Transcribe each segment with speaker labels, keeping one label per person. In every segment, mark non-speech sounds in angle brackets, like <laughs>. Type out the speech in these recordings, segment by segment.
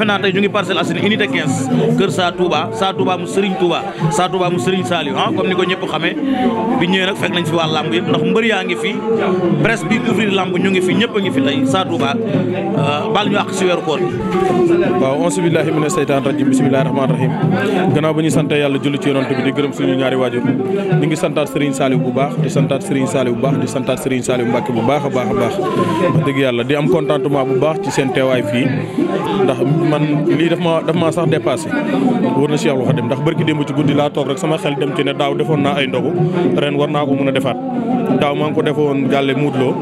Speaker 1: defe naa tey ñu ngi Parcelles Assainies unité 15 kër Saa Touba Saa Touba mu Serigne Touba Saa Touba mu Serigne Saliou ah comme ni ko ñëpp xamee bi ñëwee nag fekk nañ fi waa lamb yëpp ndax mbër yaa ngi fi presse bi ouvrir lamb ñu
Speaker 2: ngi fi ñëpp a ngi fi tey Saa Touba euh, baal ñu àq si weeru koor bi waaw ansu billahi mina seytaan rajim bismillahi rahmaani rahim gannaaw ba ñu sante yàlla julli ci yonent bi di gërëm suñu ñaari waajur ñu ngi santaat Serigne Saliou bu baax di santaat Serigne Saliou bu baax di santaat Serigne Saliou Mbacke bu baax a a baax wax yàlla di am contentement bu baax ci seen teewaay fii ndax man lii daf ma daf maa sax dépassé wër na Cheikhul Khadim ndax barki démb ci guddi laa toog rek sama xel dem ci ne daaw defoon naa ay ndogu ren war naa ko mën a defaat daaw maa ngi ko defoon gàlle muutloo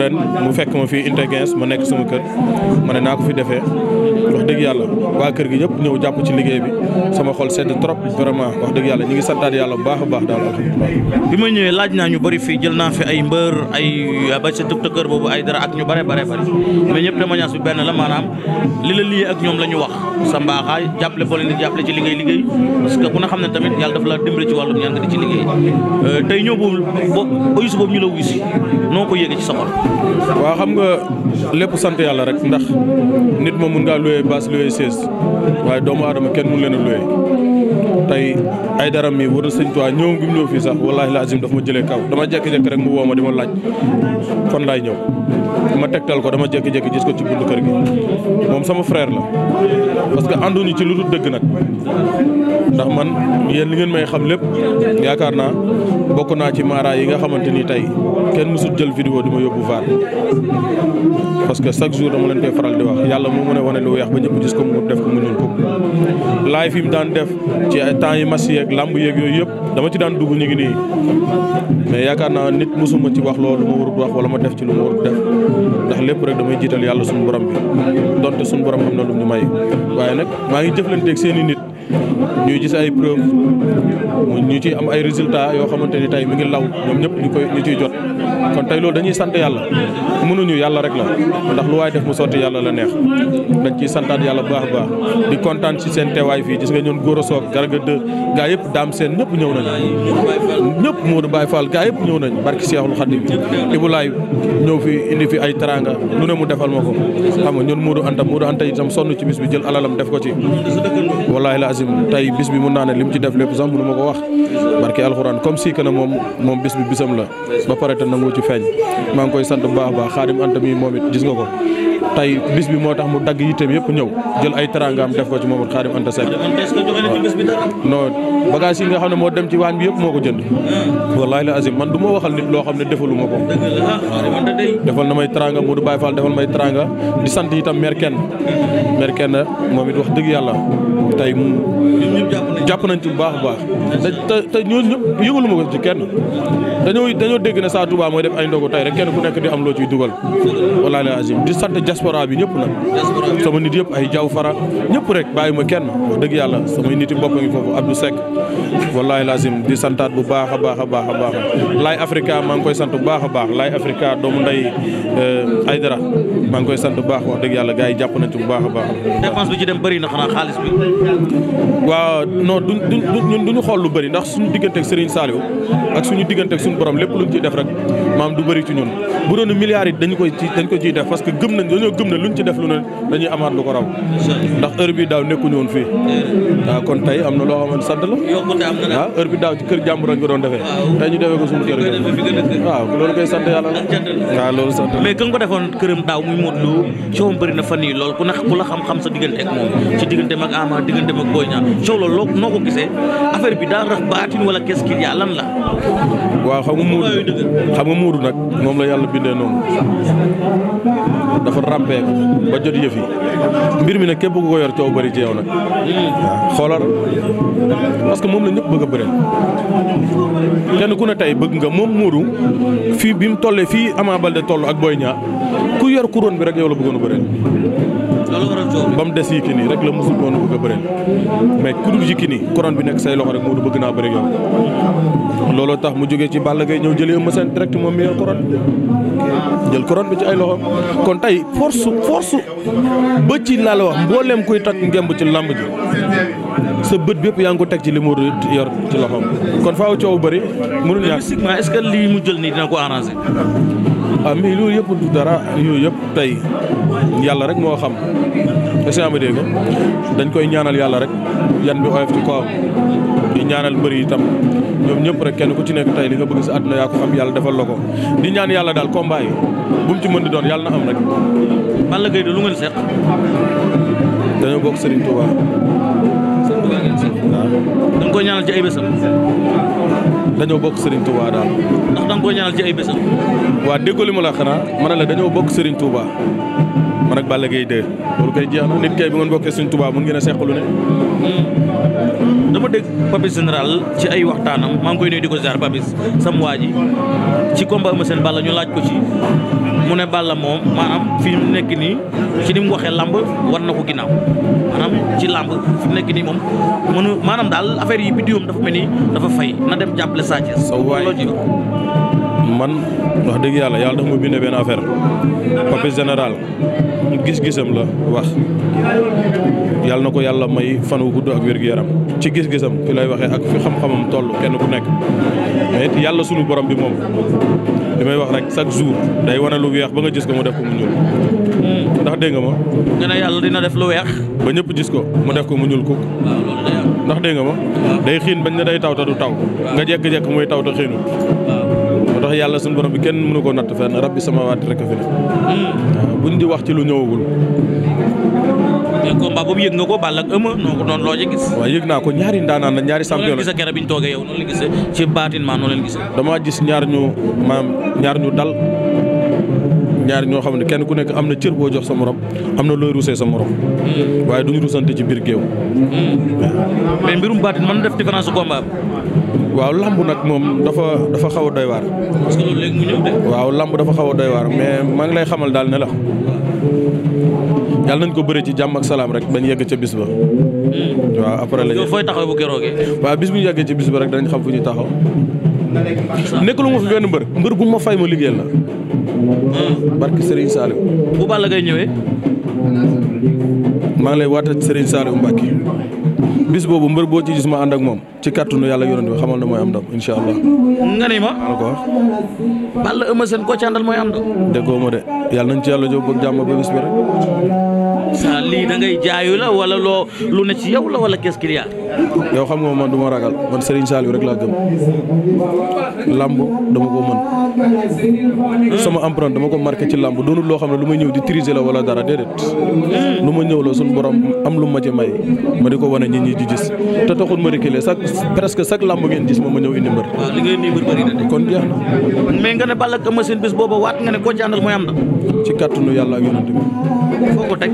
Speaker 2: ren mu fekk ma fii intégens ma nekk sama kër ma ne naa ko fi defee wax dëgg yàlla waa kër gi ñëpp ñëw jàpp ci liggéey bi sama xol sedd trop vraiment wax dëgg yàlla ñu ngi santaat yàlla bu baax a baax daal alhamdulilah
Speaker 1: bi ma ñëwee laaj naa ñu bëri fii jël naa fi ay mbër ay ba sa tëb tëkkër boobu ay dara ak ñu bare bare bëri mais ñëpp témoignage bi benn la maanaam li la lii ak ñoom la ñu wax sa mbaaxaay jàppale boo leen di jàppale ci liggéey liggéey parce que ku xam ne tamit yàlla dafa la dimbali ci wàllum ñaan nga di ci
Speaker 2: liggéey euh, paas luwee sées waaye doomu aadama kenn mënu leen a luwee tey ay dara mi war a sëñ Tuubaa ñëw ngi ñëw fii sax wallaahi laazim daf ma jëlee kaw dama jékki-jékki rek mu woo ma di ma laaj fan laay ñëw ma tegtal ko dama jékki-jékki gis ko ci buntu kër gi moom sama frère la parce ànduñu ci lu dul dëgg nag ndax man yéen li ngeen may xam lépp yaakaar naa bokk naa ci mara yi nga xamante ni tey kenn mësul jël vidéo di ma yóbbu vaar parce que chaque jour dama leen koy faral di wax yàlla moo mën a wane lu weex ba ñëpp gis ko mu def ko mu ñuul ko laay fi mu daan def ci temps yi mass yeeg làmb yeeg yooyu yëpp dama ci daan dugg ñu ngi nii mais yaakaar naa nit mësuma ci wax loolu ma warut wax wala ma def ci lu ma warut def ndax lépp rek damay jiital yàlla suñu borom bi donte suñu borom am na lu ñu may waaye seeni nit ñuy gis ay preuve ñu ci am ay résultats yoo xamante ni tey mi ngi law ñoom ñëpp ñu koy ñu ciy jot kon tey loolu dañuy sant yàlla mënuñu yàlla rek la ndax lu waay def mu sotti yàlla la neex dañ ciy santaat yàlla bu baax a baax di kontaan ci seen teewaay fii gis nga ñoon góor a soog garga dë gaa yëpp daam seen ñëpp ñëw nañ ñëpp Modou Baye Fall gaa yëpp ñëw nañ barki Seexul Xadim Ibulaay ñëw fi indi fi ay teraanga lu ne mu defal ma ko xam nga ñun Modou Anta Modou Anta itam sonn ci bis bi jël alalam def ko ci wallaahi la tey bis bi mun naa ne li mu ci def lépp sax mënu ma ko wax barke alxuraan comme si na moom moom bis bi bisam la ba pare te nangu ci feeñ maa ngi koy sant bu baax a baax xaadim anta mi moom it gis nga ko tey bis bi moo tax mu dagg yitteem yëpp ñëw jël ay teraangaam def ko ci Mamadou Khadim Anta Seck non bagage yi nga xam ne moo dem ci waañ bi yëpp moo ko jënd ah. wallaahi la azim man du ma waxal nit loo xam ne defalu ma ko ah, defal na may teraanga Modou Baye Fall defal may teraanga di sant itam maire kenn maire kenn moom it wax dëgg yàlla tey mu jàpp nañ ci bu baax a baax te te ñooñu ñëpp lu ma ko ci kenn dañoo dañoo dégg ne saa Touba mooy def ay ndogu tey rek kenn bu nekk di am loo ciy dugal diaspora bi ñëpp na sama nit yëpp ay jaw fara ñëpp rek bàyyi ma kenn wax dëgg yàlla samay nit yi bopp ngi foofu Abdou Seck wallahi lazim di santaat bu baax a baax a baax a baax Laye Africa maa ngi koy sant bu baax a baax Laye Africa ay nday eh, Aydara maa ngi koy sant bu baax wax dëgg yàlla gars yi jàpp nañ ci bu baax a baax dépense bi ci dem bari na xanaa xaalis bi waaw non du ñun duñu xool lu bari ndax suñu diggante ak Serigne Saliou ak suñu diggante ak suñu borom lépp luñ ciy def rek maam du bëri ci ñun bu doon milliards yi dañu koy ci dañ ko ciy def parce que gëm nañ dañoo gëm ci def lu ne dañuy amaat lu ko raw ndax heure daaw nekkuñu woon fii waaw kon tey am na loo xamante sant la waaw heure bi daaw ci kër jàmbur lañ ko doon defee tey ñu defee ko suñu kër waaw loolu koy sant yàlla
Speaker 1: ko defoon këram daaw muy Modou Lo coow bëri na sa diggante ak moom sa loo noo ko gisee affaire bi daa a lan la
Speaker 2: waaw xam nga Modou xam nga Modou nag moom la yàlla bindee noonu dafa rampee ba jot yëf yi mbir mi nag képp ku ko yor coow bëri ci nag xoolal parce que moom la ñëpp bëgg a bëreel kenn ku ne tey bëgg nga moom Modou fii bi mu tollee fii Ama Baldé toll ak Boy Niang ku yor couronne bi rek yow la bëggoon a bëreel ba mu des Yékini rek la musul woon bëgg a bëreel mais ku dul Yékini couronne bi nekk say loxo rek moo du bëgg naa bëri yow looloo tax mu jóge ci Balla ngay ñëw jëlee ma Sène direct moom mi yor couronne jël couronne bi ci ay loxo kon tey force force ba ci laa la wax mbooleem kuy takk ngemb ci lamb ji sa bët bépp yaa ngi ko teg ci li mu yor ci loxoom kon faaw coow bëri mënul ñàkk est-ce que mu jël nii dina ko arranger ah mais loolu yëpp du dara yooyu yëpp tey yàlla rek moo xam est-ce que ma dégg dañ koy ñaanal yàlla rek yan bi oyof ci kawam di ñaanal mbër itam ñoom ñëpp rek kenn ku ci nekk tey li nga bëgg si àdduna yaa ko xam yàlla defal la ko di ñaan yàlla daal kombaay yi bu mu ci mën di doon yàlla na am rek. Balla Gaye de lu ngeen seq. dañoo bokk Serigne Touba.
Speaker 1: da nga koy ñaanal
Speaker 2: ci ay bésam. dañoo bokk Serigne Touba daal ndax da nga koy ñaanal ci ay bésam. waa déggoo li ma xanaa ma la dañoo bokk Serigne Touba. man ak Balla Gaye 2 loolu kay jeex na nit kay bu ngeen bokkee suñ tubaab mën ngeen a seqalu ne. dama dégg Papis général ci ay waxtaanam maa koy nuyu
Speaker 1: di ko ziar Papis sam waa ji ci combat Eumeu Sène Balla ñu laaj ko ci mu ne Balla moom maanaam fi mu nekk nii ci ni mu waxee làmb war na ko ginnaaw maanaam ci lamb nekk nii moom mënu maanaam daal affaire yi biddiwam dafa mel ni dafa fay na dem jàppale
Speaker 2: Sa Thiès. man wax dëgg yàlla yàlla dafa ma bindee benn affaire Papis général loolu gis-gisam la wax yàlla na ko yàlla may fan wu gudd ak wér-gu-yaram ci gis-gisam fi lay waxee ak fi xam-xamam toll kenn ku nekk mais it yàlla sunu borom bi moom li may wax rek chaque jour day wane lu weex ba nga gis ko mu def ko mu ñuul ndax dégg nga ma dina def lu weex ba ñëpp gis ko mu def mu ñuul kuk ndax nga ma day xiin bañ ne day taw ta du taw nga jekk-jekk muy taw te xiinul tax yàlla suñu borom bi kenn mënu ko natt fenn a fi ne hmm. buñ di wax ci lu ñëwagul. mais combat boobu yëg nga ko Balla ak ko noonu loo gis. waaw yëg naa ko ñaari ndaanaan ñaari champion la gis keroog bi ñu toogee yow noonu la gisee ci damaa gis ñaar ñu maam ñaar ñu dal ñaar ñoo xam ne kenn ku nekk am na cër boo jox sa morom am na looy ruusee sa morom. Hmm. waaye duñu ruusante ci biir géew. Hmm. mais mbirum baatin mën na def différence su waaw lamb nag moom dafa dafa xaw a doy waar. parce waaw lamb dafa xaw a doy waar mais maa ngi lay xamal daal ne la yàlla nañ ko bëre ci jàmm ak salaam rek bañ yegg ca bis ba. Hmm. waaw après la fooy taxaw bu keroogee. waaw bis bu ñu yeggee ci bis ba rek danañ xam fu ñuy taxaw. nekk lu ma fi benn mbër mbër bu ma fay ma liggéeyal la. Hmm. barke Serigne Saliou. bu Balla Gaye ñëwee. maa ngi lay waatal Serigne Saliou Mbacké. bis boobu mbër boo ci gis ma ànd ak moom ci kàttanu yàlla yonent bi xamal na mooy am ndam incha allah. nga ma maa ko wax. Balla Eumeu Sène koo ci àndal mooy am ndam. déggoo ma de yàlla nañ ci yàlla jóg ba jàmm ba bis bi rek.
Speaker 1: saa lii da ngay jaayu la wala loo
Speaker 2: lu ne ci yow la wala kees ce qu'il yow xam nga man du ma ragal man Serigne Saliou rek laa gëm làmb dama ko
Speaker 1: mën sama
Speaker 2: empreinte dama ko marqué ci làmb doonul loo xam ne lu may ñëw di triser la wala dara déedéet lu ma ñëw la suñu borom am lu ma ci may ma di ko wane nit ñi di gis te taxul ma reculer chaque presque chaque làmb ngeen gis moom ma ñëw indi mbër. waaw li kon jeex na. mais nga ne Balla ak seen bis boobu waat nga ne koo ci àndal mooy am na. ci kàttanu yàlla ak yonent bi. foo ko teg.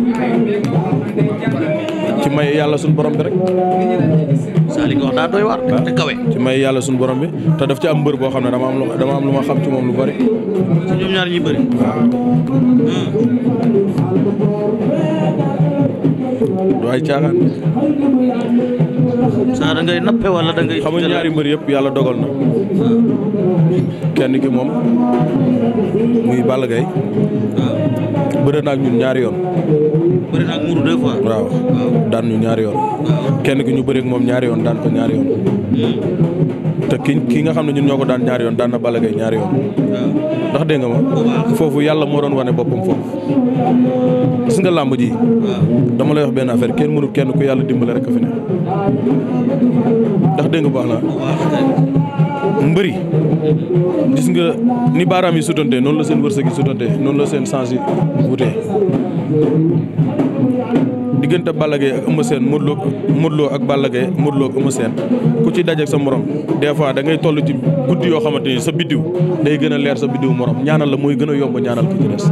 Speaker 2: ci may yàlla suñu borom rek. li Salick wax daa doy waar te kawe ci may yàlla suñu borom bi te daf ci am mbër boo xam ne dama am lu dama am lu ma xam ci moom lu bari ci ñoom hmm. ay caaxaan saa da nappe wala da ngay. xam ñaari mbër yëpp yàlla dogal na. Hmm. kenn ki moom muy Balla Gaye. Hmm. bëre na ak ñun ñaari yoon. muuru deux waaw daan ñu ñaari yoon. kenn ki ñu bëreeg moom ñaari yoon daan ko ñaari yoon. Hmm. te ki ki nga xam ne ñun ñoo ko daan ñaari yoon daan na Balla ñaari yoon. ndax dégg nga ma foofu yàlla moo doon wane boppam foofu. gis nga làmb ji. dama la wax benn affaire kenn mënu kenn ku yàlla dimbale rek a fi ne. ndax dégg nga baax na. mbëri gis nga ni baaraam yi sutante noonu la seen wërsëg yi sutante noonu la seen sens yi wutee diggante Balla Gaye ak Eumeu Sène ak Balla Gaye Modou Lo ak ku ci dajeeg sa morom des fois da ngay toll ci guddi yoo xamante ni sa biddiw day gën a leer sa biddiw morom ñaanal la mooy gën a yomb ñaanal ki ndax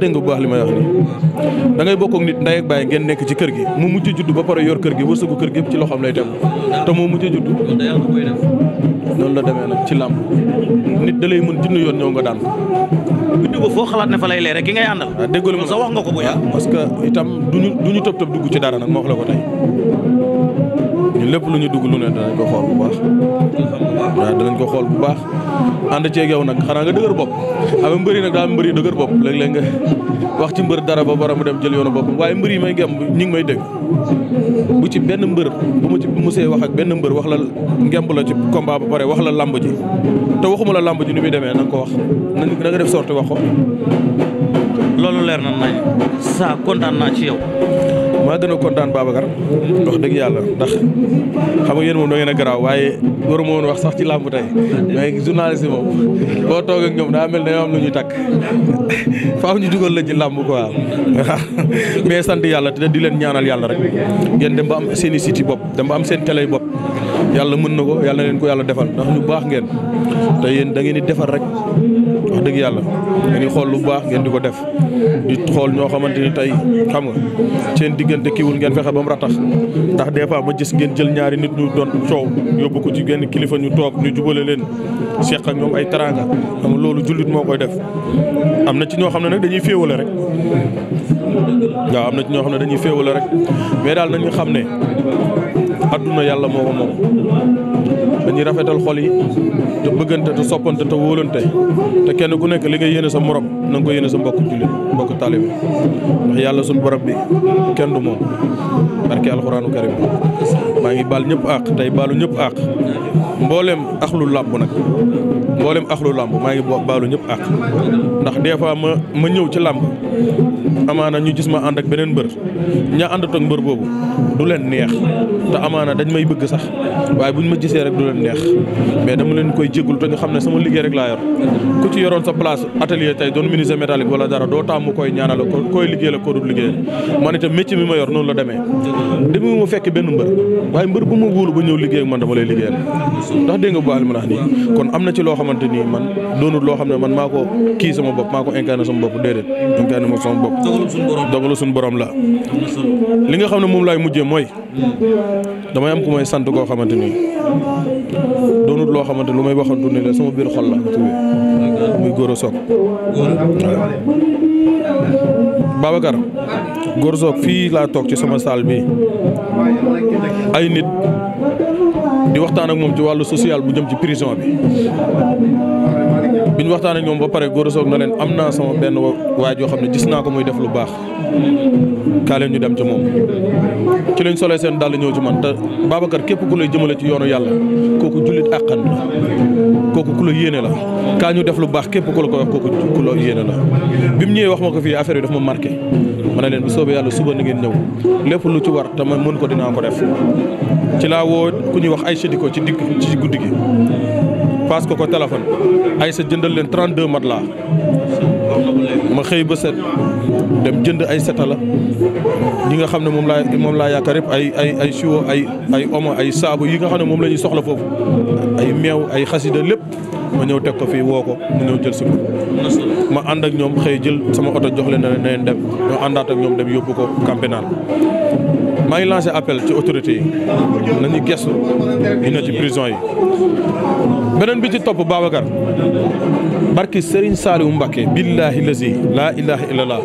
Speaker 2: dégg nga bu li ma wax nii da ngay bokk ak nit ndey ak baay ngeen nekk ci kër gi mu mujj judd ba pare yor kër gi ko kër gi ci loxoom lay dem te moo mujj judd noonu la demee nag ci làmb nit da lay mën junni yoon ñëw nga daan yóbbu ko foo xalaat ne fa lay leere ki ah, wax nga ko bu yàgg. Ah, parce que itam du ñu tëb tëb dugg ci dara nag moo wax la ko tey ñun lépp lu ñu dugg lu ne danañ ko xool bu baax. waaw ko xool bu baax and ceeg yow nag xanaa nga dëgër bopp ama ah, mbëri nag daal mbëri dëgër bopp léeg-léeg nga wax ci mbër dara ba bara mu dem jël yoonu bopp waaye mbër yi may ngemb ñi ngi may dégg bu ci benn mbër bu mu ci musee wax ak benn mbër wax la ngemb la ci combat ba pare wax la lamb ji te waxuma la lamb ji nu muy demee na ko wax na nga def sorti wax ko loolu leer na nañ saa kontaan naa ci yow. maa gën a kontaan Babacar ndox dëgg yàlla ndax xam nga yéen moom da garaaw waaye waruma woon wax sax ci làmb tey mais journaliste moom boo toog ak ñoom daa mel ne am lu takk faaw ñu dugal la ci làmb quoi <laughs> mais sant yàlla te di leen ñaanal yàlla rek ngeen dem ba am seen i bopp dem am seen télé bopp yàlla mën na ko yàlla leen ko yàlla defal ndax ñu baax ngeen te yéen da ngeen di defar rek. dëgg yàlla ngeen xool lu baax ngeen di ko def di xool ñoo xamante ni tey xam nga seen diggante kiiwul ngeen fexe ba mu ratax ndax des fois ma gis ngeen jël ñaari nit ñu doon coow yóbbu ko ci genn kilifa ñu toog ñu jubale leen seq ak ñoom ay teraanga xam loolu jullit moo koy def am na ci ñoo xam ne nag dañuy féewale rek waaw am na ci ñoo xam ne dañuy féewale rek mais daal nañu xam ne adduna yàlla moo ko moom dañuy rafetal xol yi te bëggante te soppante te wóolante te kenn ku nekk li nga yéene sa morom na nga ko yéene sa mbokk jullit mbokk taalibe ndax yàlla suñu borom bi kenn du moom barke alxuraanu karim maa ngi baal ñëpp àq tey baalu ñëpp àq mboolem axlu làmb nag mboolem axlu làmb maa ngi baalu ñëpp àq ndax des fois ma ma ñëw ci làmb amaana ñu gis ma ànd ak beneen mbër ñaa ànd ak mbër boobu du leen neex te amaana dañ may bëgg sax waaye ñu ma gisee rek du leen neex mais dama leen koy jéggul te nga xam ne sama liggéey rek laa yor ku ci yoroon sa place atelier tey doon menuisier métallique wala dara doo taamu koy ñaanal ko koy liggéey la ko dul liggéey man itam métier ma yor noonu la demee demu ma fekk benn mbër waaye mbër bu ma wóolu ba ñëw liggéey ak man dama lay liggéeyal ndax dégg nga bu li ma wax nii kon am na ci loo xamante nii man doonul loo xam ne man maa ko kii sama bopp maa ko incarné sama bopp déedéet incarné ma sama bopp dogalu suñu borom la li nga xam ne moom laay mujjee mooy damay am ku may sant koo xamante nii doonul loo xamante lu may waxantu ne la sama biir xol la muy góor a soog Babacar Gorzoog fii laa toog ci sama salle bi ay nit di waxtaan ak moom ci wàllu social bu jëm ci prison bi bi ñu waxtaan ak ñoom ba pare góor soog na leen am naa sama benn waaye joo xam ne gis naa ko muy def lu baax kaa leen ñu dem ci moom ci lañ solee seen dàll ñëw ci man te Babacar képp ku lay jëmale ci yoonu yàlla kooku jullit àqan la kooku ku la yéene la kaa ñu def lu baax képp ku la ko wax kooku ku la yéene la bi mu ñëwee wax ma ko fii affaire yi daf ma marqué ma ne leen bu soobee yàlla suba na ngeen ñëw lépp lu ci war te man mën ko dinaa ko def ci laa woo ku ñuy wax ay séddiko ci digg ci guddi gi paas ko ko téléphone ay sa jëndal leen mat matelas ma xëy ba set dem jënd ay setala ñi nga xam ne moom laa moom laa yaakaar yëpp ay ay ay siwo ay ay omo ay saabu yi nga xam ne moom la ñuy soxla foofu ay meew ay xasida lépp ma ñëw teg ko fii woo ko mu ñëw jël si ma ànd ak ñoom xëy jël sama oto jox leen na leen dem ñoo àndaat ak ñoom dem yóbbu ko campénal maa ngi lancé appel ci autorité yi nañu gestu ñu ne ci prison yi beneen bi ci topp Babacar barki Serigne Saliou Mbacké billaahi lazi laa ilaaha illallah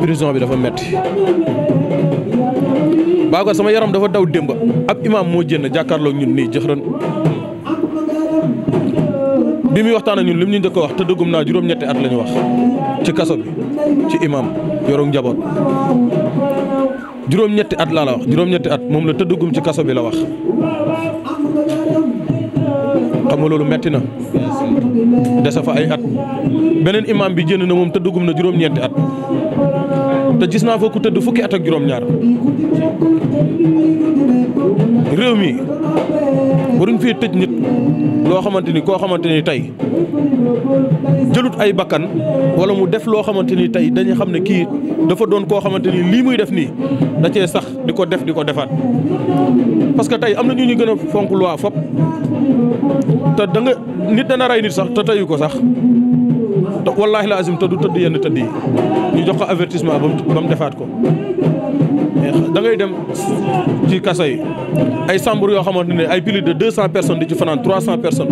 Speaker 2: prison bi dafa metti Babacar sama yaram dafa daw démb ab imam moo jënd jàkkaarloo ñun nii jëxran li muy waxtaan ak ñun lim ñu njëkk wax te dëggum naa juróom-ñetti at la wax ci kaso bi ci imaam yorom njaboot juróom-ñetti at laa la wax juróom-ñetti at moom la tëddugum ci kaso bi la wax xam nga loolu metti na dese fa ay at beneen imaam bi jënd na moom tëddugum na juróom-ñeenti at. te gis naa foo ku tëdd fukki at ak juróom-ñaar réew mi waruñ fee tëj nit loo xamante ni koo xamante ni tey jëlut ay bakkan wala mu def loo xamante ni tey dañu xam ne kii dafa doon koo xamante ni lii muy def nii da cee sax di ko def di ko defaat. parce que tey am na ñu ñu gën a fonk loi fop te da nga nit dana rey nit sax te teyu ko sax te wallaahi la azim te du tëdd yenn tëdd yi. ñu jox ko avertissement ba mu defaat ko eh, da ngay dem ci kaso yi ay sambur yoo xamante ne ay plus de deux cent personnes di ci fanaan trois cent personnes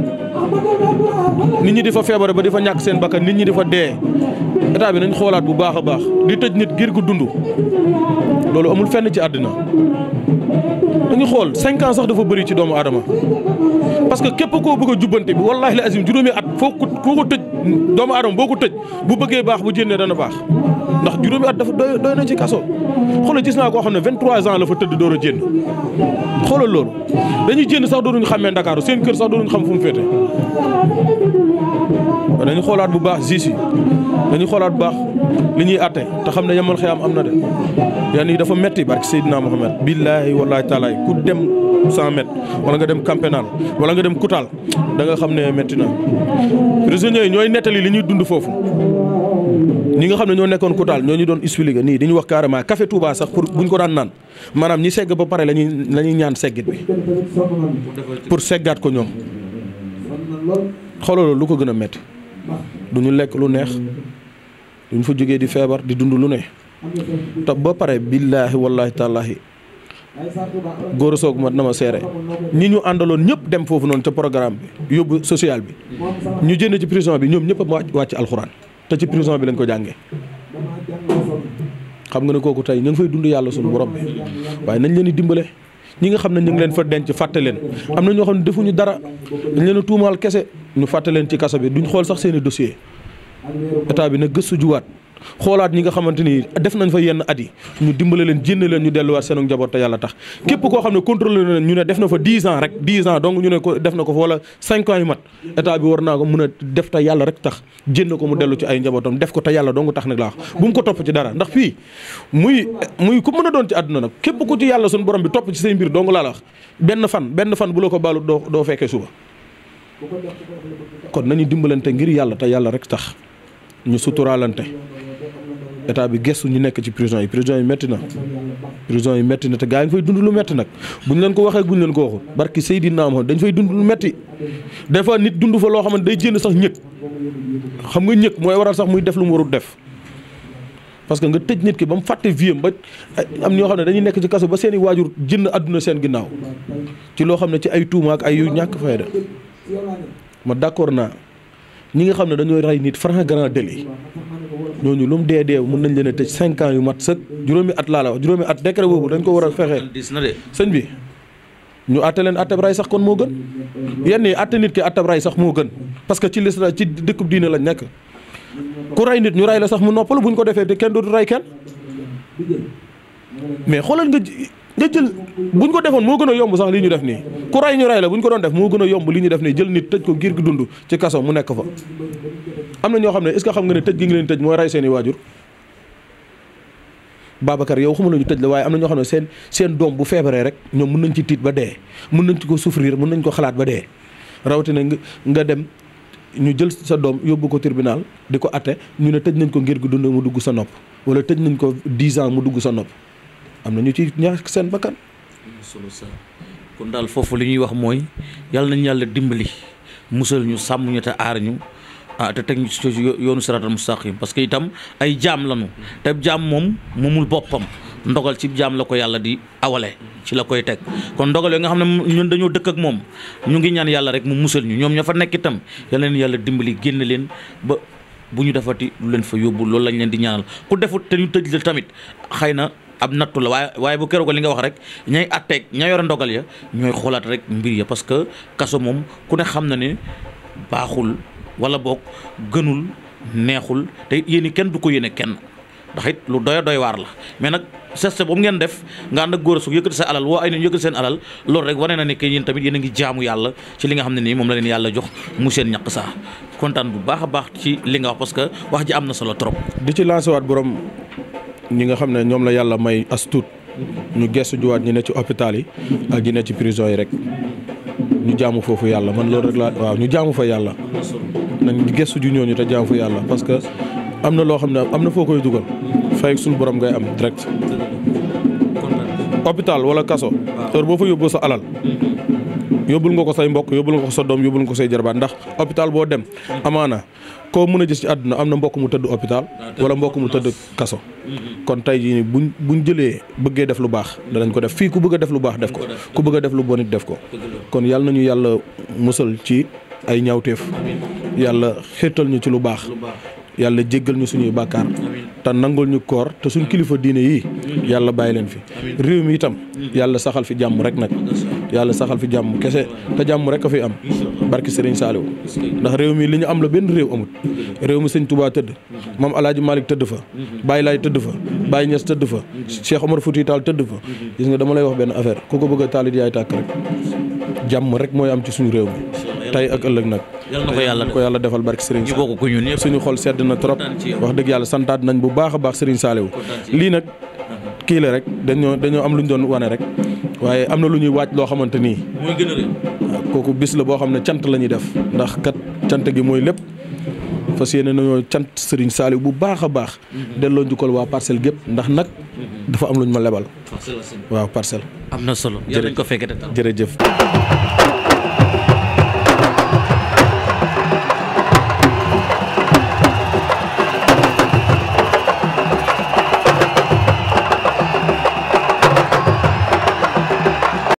Speaker 2: nit ñi di fa feebare ba di fa ñàkk seen bakkan nit ñi di fa dee état bi nañ xoolaat bu baax a baax di tëj nit ngir gu dund loolu amul fenn ci àddina ñu xool cinq ans sax dafa bëri ci doomu aadama parce que képp koo bëgg a jubbante bi wallaahi la azim juróomi at foo ko ko tëj doomu aadama boo ko tëj bu bëggee baax bu jénnee dana baax ndax juróomi at dafa doy doy na ci kaso xoolal gis naa koo xam ne vingt trois ans la fa tëdd door a jénn xoolal loolu dañuy jénn sax doonuñu xàmmee Ndakaaru seen kër sax doonuñu xam fu mu féete dañu xoolaat bu baax justice yi dañu xoolaat li ñuy àtte te xam ne yamal xiyam am na de yan yi dafa metti barki Seydina Mohamed billaahi wallaahi taalaay ku dem cent mètres wala nga dem camp pénal wala nga dem Koutal da nga xam ne metti na prisonniers yi ñooy nettali li ñuy dund foofu ñi nga xam ne ñoo nekkoon Koutal ñoo ñu doon expliquer nii dañu wax carrément café Touba sax pour buñ ko daan naan maanaam ñi segg ba pare lañuy la ñuy ñaan seggit bi pour seggaat ko ñoom xoolal lu ko gën a metti du ñu lekk lu neex duñ fa jógee di feebar di dund lu ne te ba pare billaahi wallaahi tàllaahi góor a soog ma na ma seere ñi ñu àndaloon ñëpp dem foofu noonu ca programme bi yóbbu social bi ñu jënd ci prison bi ñoom ñëpp a wàcc alxuraan te ci prison bi lañ ko jàngee xam nga ne kooku tey ñu ngi fay dund yàlla suñu borom bi waaye nañ leen di dimbale ñi nga xam ne ñu ngi leen fa denc fàtte leen am na ñoo xam ne defuñu dara dañ leen tuumaal kese ñu fàtte leen ci kaso bi ñu xool sax seeni dossier état bi na gëstu juwaat xoolaat ñi nga xamante ni def nañ fa yenn at yi ñu dimbale leen jénne leen ñu delluwaat seen njaboot te yàlla tax képp koo xam ne contrôlé na ñu ne def na fa 10 ans rek 10 ans donc ko def na ko fa wala 5 ans yu mat état bi war naa ko mun a def te yàlla rek tax jénn ko mu dellu ci ay njabootam def ko te yàlla dong tax nag laa bu mu ko topp ci dara ndax fii muy muy ku mën a doon ci àdduna nag képp ku ci yàlla suñu borom bi topp ci say mbir dong laa benn fan benn fan bu la ko baalu doo doo fekkee suba kon nañu dimbalante ngir yàlla te yàlla rek tax ñu suturaalante état bi gestu ñu nekk ci prison yi prison yi metti na prison yi métti na te gaa yi fay dund lu metti nag buñ leen ko waxee buñ leen ko waxul barki Seydina Muhammad dañ fay dund lu métti des fois nit dund fa loo xam ne day jéem sax ñëkk xam nga ñëkk mooy waral sax muy def lu mu warul def. parce que nga tëj nit ki ba mu fàtte viam ba am ñoo xam ne dañu nekk ci kaso ba seen i waajur jënd àdduna seen ginnaaw ci loo xam ne ci ay tuuma ak ay ñàkk fayda ma d'accord naa ñi nga xam ne dañoo rey nit franc grand délit ñooñu lu mu dee dee mën nañ leen a tëj 5 yu mat sëkk juróomi at laa juróomi at décret boobu dañ ko war a fexe sëñ bi ñu àtte leen àttab ray sax kon moo gën yenn yi àtte nit ki àttab ray sax moo gën parce que ci lisla ci dëkkub diine lañ nekk ku rey nit ñu rey la sax mu noppalu bu ñu ko defee te kenn dootu rey kenn mais xoolal nga nga jël buñ ko defoon moo gën a yomb sax lii ñu def nii ku rey ñu rey la buñ ko doon def moo gën a yomb li ñu def nii jël nit tëj ko ngir gi dund ci kaso mu nekk fa am na ñoo xam ne est xam nga ne tëj ngi leen tëj mooy rey seen yow xuma la ñu tëj la waaye am na ñoo xam ne seen seen doom bu feebaree rek ñoom mun nañ ci tiit ba dee mën nañ ci ko souffrir mën nañ ko xalaat ba dee rawatina nga dem ñu jël sa doom yóbbu ko tribunal di ko atte ñu ne tëj nañ ko ngir gi dund mu dugg sa nopp wala tëj nañ ko 10 ans mu dugg sa nopp am na ñu ci ñàkk seen bakkan.
Speaker 1: kon daal foofu li ñuy wax mooy yàlla nañu yàlla dimbali musal ñu sàmm ñu te aar ñu ah te teg ñu ci yoonu siraatal mustaqim parce que itam ay jaam lañu te jaam moom moomul boppam. ndogal ci jaam la ko yàlla di awale ci la koy teg kon ndogal yooyu nga xam ne ñun dañoo dëkk ak moom ñu ngi ñaan yàlla rek mu musal ñu ñoom ña fa nekk itam yàlla leen yàlla dimbali génn leen ba bu ñu defati lu leen fa yóbbu loolu lañ leen di ñaanal ab nattu la waaye waaye bu keroog li nga wax rek ñay atteeg ña yore ndogal ya ñooy xoolaat rek mbir ya parce que kaso moom ku ne xam na ne baaxul wala boog gënul neexul te it yéen kenn du ko yéene kenn ndax it lu doy doy waar la mais nag seste boobu ngeen def nga ànd ak góor a suug yëkkati sa alal woo ay neen yëkkati seen alal loolu rek wane na ne que yéen tamit yéen a ngi jaamu yàlla ci li nga xam ne nii moom la leen yàlla jox mu seen ñaq saa kontaan bu baax a baax ci li nga wax parce que wax ji am na solo trop.
Speaker 2: ñi nga xam ne ñoom la yàlla may as tuut ñu gestu juwaat ñi ne ci hôpital yi ak ñi ne ci prison yi rek ñu jaamu foofu yàlla man loolu rek laa waaw ñu jaamu fa yàlla nañ gestu ju ñooñu te jaamu fa yàlla parce que am na loo xam ne am na foo koy dugal fay suñ boroom ngay am direct hôpital wala kaso heure boo fa yóbboo sa alal yóbbul nga ko say mbokk yóbbul nga ko sa doom yóbbul nga ko say jarbaat ndax hôpital boo dem amaana koo mën a gis ci àdduna am na mbokk mu tëdd hôpital wala mbokk mu tëdd kaso kon tey jii bu ñu jëlee bëggee def lu baax danañ ko def fii ku bëgg def lu baax def ko ku bëgg a def lu bon def ko kon yàlla ñu yàlla musal ci ay ñaawteef yàlla xéttal ñu ci lu baax yàlla jéggal ñu suñuy bàkkaar te nangul ñu koor te suñu kilifa diine yi yàlla bàyyi leen fi réew mi itam yàlla saxal fi jàmm rek nag yàlla saxal fi jàmm kese te jàmm rek a fi am barki sëriñ Saaliw ndax réew mi li ñu am la benn réew amut réew mi sëñ Touba tëdd moom alaaji Malick tëdd fa Baye Laay tëdd fa bàyyi Niass tëdd fa Cheikh Omar Fouti Tall tëdd fa gis nga dama lay wax benn affaire ku ko bëgg a taalit yaay tàkk rek jàmm rek mooy am ci suñu réew mi tey ak ëllëg nag yàlla na ko yàlla defal barki Serigne suñu xol sedd na trop wax dëgg yàlla santaat nañ bu baax a baax Serigne Saliou lii nag kii la rek dañoo dañoo am lu ñu doon wane rek waaye am na lu ñuy waaj loo xamante nii kooku bis la boo xam ne cant la ñuy def ndax kat cant gi mooy lépp fas yéene nañoo cant Serigne Saliou bu baax a baax mm-hmm. delloo njukkal waa parcelle gépp ndax nag mm-hmm. dafa am lu ñu ma lebal waaw parcelle
Speaker 1: am na solo yàlla ko fekkee jërëjëf